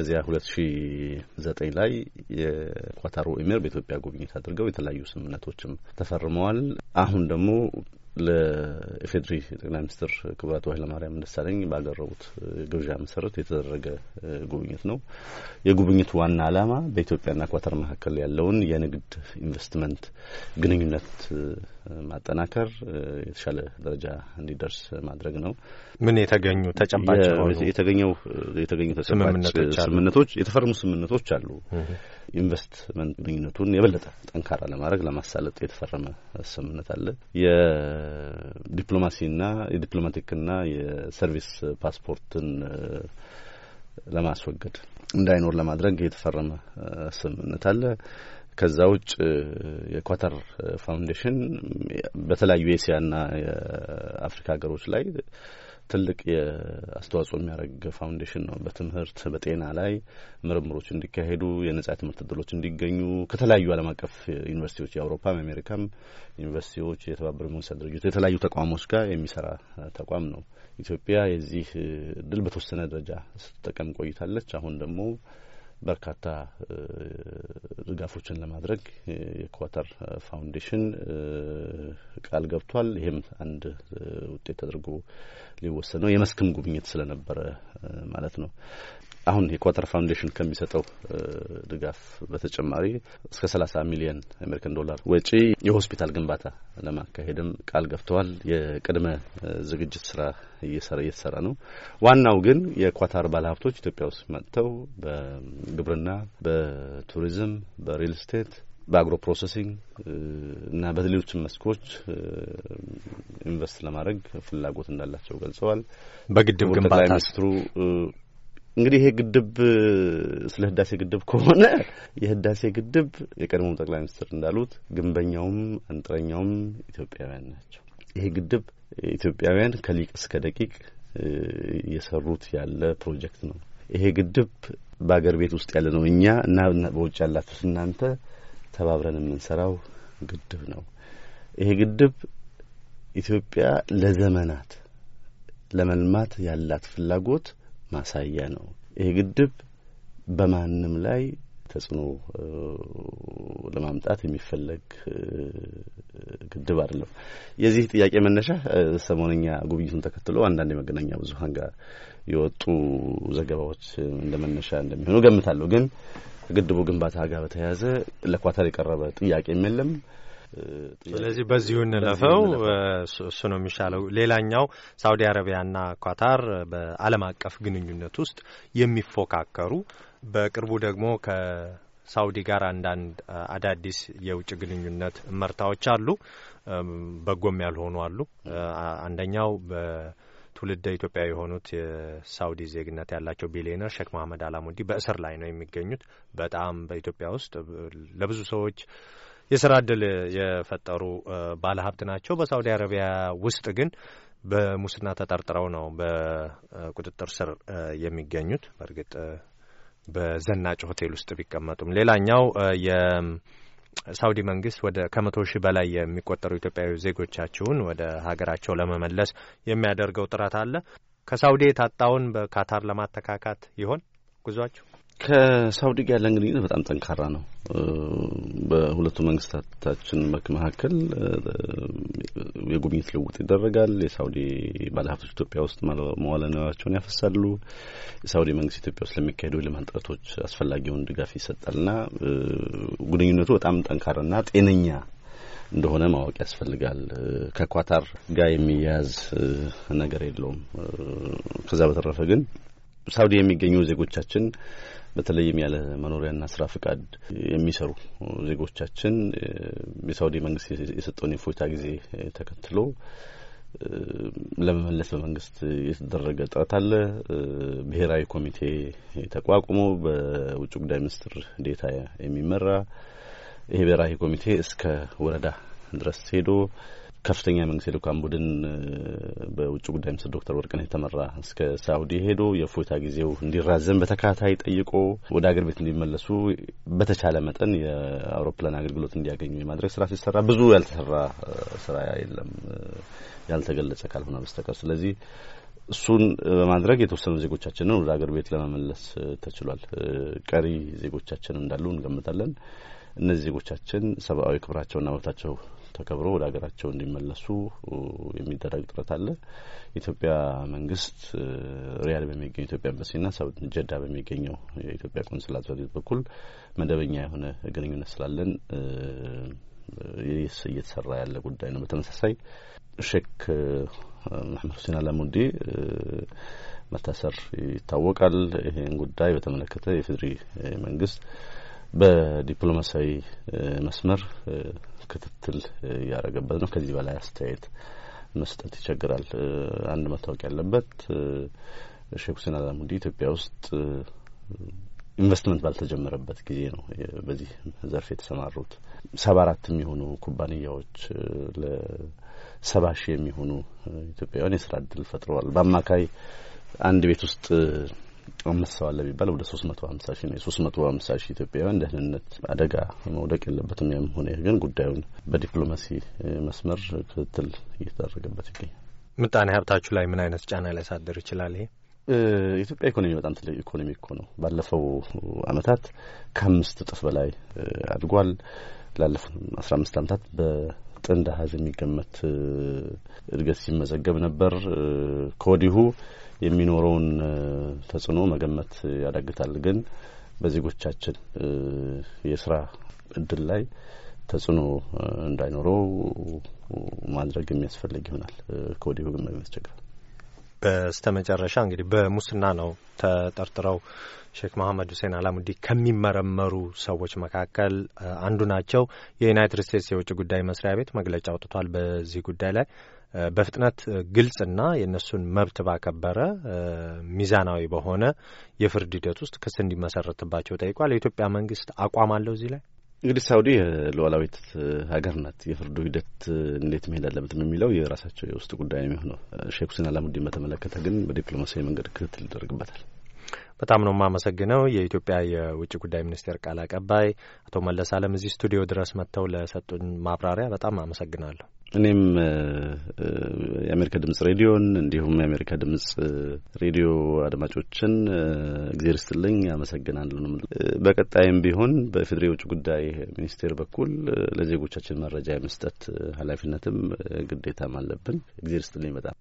እዚያ 2009 ላይ የኳታሩ ኤሚር በኢትዮጵያ ጉብኝት አድርገው የተለያዩ ስምምነቶችም ተፈርመዋል። አሁን ደግሞ ለኢፌድሪ ጠቅላይ ሚኒስትር ክቡራቱ ኃይለማርያም ደሳለኝ ባቀረቡት ግብዣ መሰረት የተደረገ ጉብኝት ነው። የጉብኝቱ ዋና ዓላማ በኢትዮጵያና ኳተር መካከል ያለውን የንግድ ኢንቨስትመንት ግንኙነት ማጠናከር፣ የተሻለ ደረጃ እንዲደርስ ማድረግ ነው። ምን የተገኙ ተጨባጭ የተገኘው የተገኙ ተጨባጭ ስምምነቶች የተፈረሙ ስምምነቶች አሉ የኢንቨስትመንት ግንኙነቱን የበለጠ ጠንካራ ለማድረግ ለማሳለጥ የተፈረመ ስምምነት አለ። የዲፕሎማሲና የዲፕሎማቲክና የሰርቪስ ፓስፖርትን ለማስወገድ እንዳይኖር ለማድረግ የተፈረመ ስምምነት አለ። ከዛ ውጭ የኳተር ፋውንዴሽን በተለያዩ የኤስያና የአፍሪካ ሀገሮች ላይ ትልቅ የአስተዋጽኦ የሚያደርግ ፋውንዴሽን ነው። በትምህርት በጤና ላይ ምርምሮች እንዲካሄዱ የነጻ ትምህርት እድሎች እንዲገኙ ከተለያዩ ዓለም አቀፍ ዩኒቨርሲቲዎች የአውሮፓም የአሜሪካም ዩኒቨርሲቲዎች የተባበሩ መንግስታት ድርጅት የተለያዩ ተቋሞች ጋር የሚሰራ ተቋም ነው። ኢትዮጵያ የዚህ እድል በተወሰነ ደረጃ ስትጠቀም ቆይታለች። አሁን ደግሞ በርካታ ድጋፎችን ለማድረግ የኳተር ፋውንዴሽን ቃል ገብቷል። ይህም አንድ ውጤት ተደርጎ ሊወሰድ ነው። የመስክም ጉብኝት ስለነበረ ማለት ነው። አሁን የኳተር ፋውንዴሽን ከሚሰጠው ድጋፍ በተጨማሪ እስከ ሰላሳ ሚሊየን አሜሪካን ዶላር ወጪ የሆስፒታል ግንባታ ለማካሄድም ቃል ገብተዋል። የቅድመ ዝግጅት ስራ እየተሰራ ነው። ዋናው ግን የኳታር ባለሀብቶች ኢትዮጵያ ውስጥ መጥተው በግብርና፣ በቱሪዝም፣ በሪል ስቴት በአግሮ ፕሮሰሲንግ እና በሌሎችም መስኮች ኢንቨስት ለማድረግ ፍላጎት እንዳላቸው ገልጸዋል። በግድብ ግንባታ ሚኒስትሩ እንግዲህ ይሄ ግድብ ስለ ህዳሴ ግድብ ከሆነ የህዳሴ ግድብ የቀድሞም ጠቅላይ ሚኒስትር እንዳሉት ግንበኛውም አንጥረኛውም ኢትዮጵያውያን ናቸው። ይሄ ግድብ ኢትዮጵያውያን ከሊቅ እስከ ደቂቅ እየሰሩት ያለ ፕሮጀክት ነው። ይሄ ግድብ በአገር ቤት ውስጥ ያለ ነው እኛ እና በውጭ ያላችሁ እናንተ ተባብረን የምንሰራው ግድብ ነው። ይሄ ግድብ ኢትዮጵያ ለዘመናት ለመልማት ያላት ፍላጎት ማሳያ ነው። ይህ ግድብ በማንም ላይ ተጽዕኖ ለማምጣት የሚፈለግ ግድብ አይደለም። የዚህ ጥያቄ መነሻ ሰሞነኛ ጉብኝቱን ተከትሎ አንዳንድ የመገናኛ ብዙኃን ጋር የወጡ ዘገባዎች እንደ መነሻ እንደሚሆኑ ገምታለሁ። ግን ከግድቡ ግንባታ ጋር በተያያዘ ለኳታር የቀረበ ጥያቄም የለም። ስለዚህ በዚሁ እንለፈው፣ እሱ ነው የሚሻለው። ሌላኛው ሳኡዲ አረቢያና ኳታር በዓለም አቀፍ ግንኙነት ውስጥ የሚፎካከሩ በቅርቡ ደግሞ ከሳኡዲ ጋር አንዳንድ አዳዲስ የውጭ ግንኙነት መርታዎች አሉ፣ በጎም ያልሆኑ አሉ። አንደኛው ትውልደ ኢትዮጵያ የሆኑት የሳውዲ ዜግነት ያላቸው ቢሊዮነር ሼክ መሀመድ አላሙዲ በእስር ላይ ነው የሚገኙት። በጣም በኢትዮጵያ ውስጥ ለብዙ ሰዎች የስራ እድል የፈጠሩ ባለሀብት ናቸው። በሳውዲ አረቢያ ውስጥ ግን በሙስና ተጠርጥረው ነው በቁጥጥር ስር የሚገኙት። በእርግጥ በዘናጭ ሆቴል ውስጥ ቢቀመጡም ሌላኛው የሳውዲ መንግስት ወደ ከመቶ ሺህ በላይ የሚቆጠሩ ኢትዮጵያዊ ዜጎቻቸውን ወደ ሀገራቸው ለመመለስ የሚያደርገው ጥረት አለ። ከሳውዲ የታጣውን በካታር ለማተካካት ይሆን ጉዟችሁ? ከሳውዲ ጋር ያለን ግንኙነት በጣም ጠንካራ ነው። በሁለቱ መንግስታታችን መካከል የጉብኝት ልውውጥ ይደረጋል። የሳውዲ ባለሀብቶች ኢትዮጵያ ውስጥ መዋለ ንዋያቸውን ያፈሳሉ። የሳውዲ መንግስት ኢትዮጵያ ውስጥ ለሚካሄዱ የልማት ጥረቶች አስፈላጊውን ድጋፍ ይሰጣልና ግንኙነቱ በጣም ጠንካራና ጤነኛ እንደሆነ ማወቅ ያስፈልጋል። ከኳታር ጋር የሚያያዝ ነገር የለውም። ከዛ በተረፈ ግን ሳውዲ የሚገኙ ዜጎቻችን በተለይም ያለ መኖሪያና ስራ ፍቃድ የሚሰሩ ዜጎቻችን የሳውዲ መንግስት የሰጠውን የፎይታ ጊዜ ተከትሎ ለመመለስ በመንግስት የተደረገ ጥረት አለ። ብሔራዊ ኮሚቴ ተቋቁሞ በውጭ ጉዳይ ሚኒስትር ዴታ የሚመራ ይሄ ብሔራዊ ኮሚቴ እስከ ወረዳ ድረስ ሄዶ ከፍተኛ የመንግስት የልዑካን ቡድን በውጭ ጉዳይ ሚኒስትር ዶክተር ወርቅነህ የተመራ እስከ ሳውዲ ሄዶ የእፎይታ ጊዜው እንዲራዘም በተከታታይ ጠይቆ ወደ አገር ቤት እንዲመለሱ በተቻለ መጠን የአውሮፕላን አገልግሎት እንዲያገኙ የማድረግ ስራ ሲሰራ ብዙ ያልተሰራ ስራ የለም ያልተገለጸ ካልሆነ በስተቀር ስለዚህ እሱን በማድረግ የተወሰኑ ዜጎቻችንን ወደ አገር ቤት ለመመለስ ተችሏል። ቀሪ ዜጎቻችን እንዳሉ እንገምታለን። እነዚህ ዜጎቻችን ሰብአዊ ክብራቸውና መብታቸው ተከብሮ ወደ ሀገራቸው እንዲመለሱ የሚደረግ ጥረት አለ። የኢትዮጵያ መንግስት ሪያድ በሚገኘው ኢትዮጵያ ኤምባሲና ሳውዲ ጀዳ በሚገኘው የኢትዮጵያ ቆንስላ ጽሕፈት ቤት በኩል መደበኛ የሆነ ግንኙነት ስላለን እየተሰራ ያለ ጉዳይ ነው። በተመሳሳይ ሼክ መሐመድ ሁሴን አላሙዲ መታሰር ይታወቃል። ይህን ጉዳይ በተመለከተ የፌዴሪ መንግስት በዲፕሎማሲያዊ መስመር ክትትል እያደረገበት ነው። ከዚህ በላይ አስተያየት መስጠት ይቸግራል። አንድ መታወቅ ያለበት ሼክ ሁሴን አላሙዲ ኢትዮጵያ ውስጥ ኢንቨስትመንት ባልተጀመረበት ጊዜ ነው በዚህ ዘርፍ የተሰማሩት። ሰባ አራት የሚሆኑ ኩባንያዎች ለሰባ ሺህ የሚሆኑ ኢትዮጵያውያን የስራ እድል ፈጥረዋል። በአማካይ አንድ ቤት ውስጥ አምስት ሰው አለ ቢባል ወደ ሶስት መቶ ሀምሳ ሺህ ነው። የሶስት መቶ ሀምሳ ሺህ ኢትዮጵያውያን ደህንነት አደጋ መውደቅ የለበትም። ያም ሆነ ግን ጉዳዩን በዲፕሎማሲ መስመር ክትትል እየተደረገበት ይገኛል። ምጣኔ ሀብታችሁ ላይ ምን አይነት ጫና ሊያሳድር ይችላል? ይሄ የኢትዮጵያ ኢኮኖሚ በጣም ትልቅ ኢኮኖሚ እኮ ነው። ባለፈው አመታት ከአምስት እጥፍ በላይ አድጓል። ላለፉት አስራ አምስት አመታት በጥንድ አሀዝ የሚገመት እድገት ሲመዘገብ ነበር። ከወዲሁ የሚኖረውን ተጽዕኖ መገመት ያዳግታል። ግን በዜጎቻችን የስራ እድል ላይ ተጽዕኖ እንዳይኖረው ማድረግ የሚያስፈልግ ይሆናል። ከወዲሁ ግን መግለጽ ቸግራል። በስተ መጨረሻ እንግዲህ በሙስና ነው ተጠርጥረው ሼክ መሐመድ ሁሴን አላሙዲ ከሚመረመሩ ሰዎች መካከል አንዱ ናቸው። የዩናይትድ ስቴትስ የውጭ ጉዳይ መስሪያ ቤት መግለጫ አውጥቷል በዚህ ጉዳይ ላይ በፍጥነት ግልጽና የእነሱን መብት ባከበረ ሚዛናዊ በሆነ የፍርድ ሂደት ውስጥ ክስ እንዲመሰረትባቸው ጠይቋል። የኢትዮጵያ መንግስት አቋም አለው እዚህ ላይ እንግዲህ ሳውዲ የሉዓላዊት ሀገር ናት። የፍርዱ ሂደት እንዴት መሄድ አለበት ነው የሚለው የራሳቸው የውስጥ ጉዳይ ነው የሚሆነው። ሼክ ሁሴን አላሙዲን በተመለከተ ግን በዲፕሎማሲያዊ መንገድ ክትትል ይደረግበታል። በጣም ነው የማመሰግነው። የኢትዮጵያ የውጭ ጉዳይ ሚኒስቴር ቃል አቀባይ አቶ መለስ አለም እዚህ ስቱዲዮ ድረስ መጥተው ለሰጡን ማብራሪያ በጣም አመሰግናለሁ። እኔም የአሜሪካ ድምጽ ሬዲዮን እንዲሁም የአሜሪካ ድምጽ ሬዲዮ አድማጮችን እግዜር ስትልኝ አመሰግናለሁ። በቀጣይም ቢሆን በፌዴሬ የውጭ ጉዳይ ሚኒስቴር በኩል ለዜጎቻችን መረጃ የመስጠት ኃላፊነትም ግዴታም አለብን። እግዜር ስትልኝ በጣም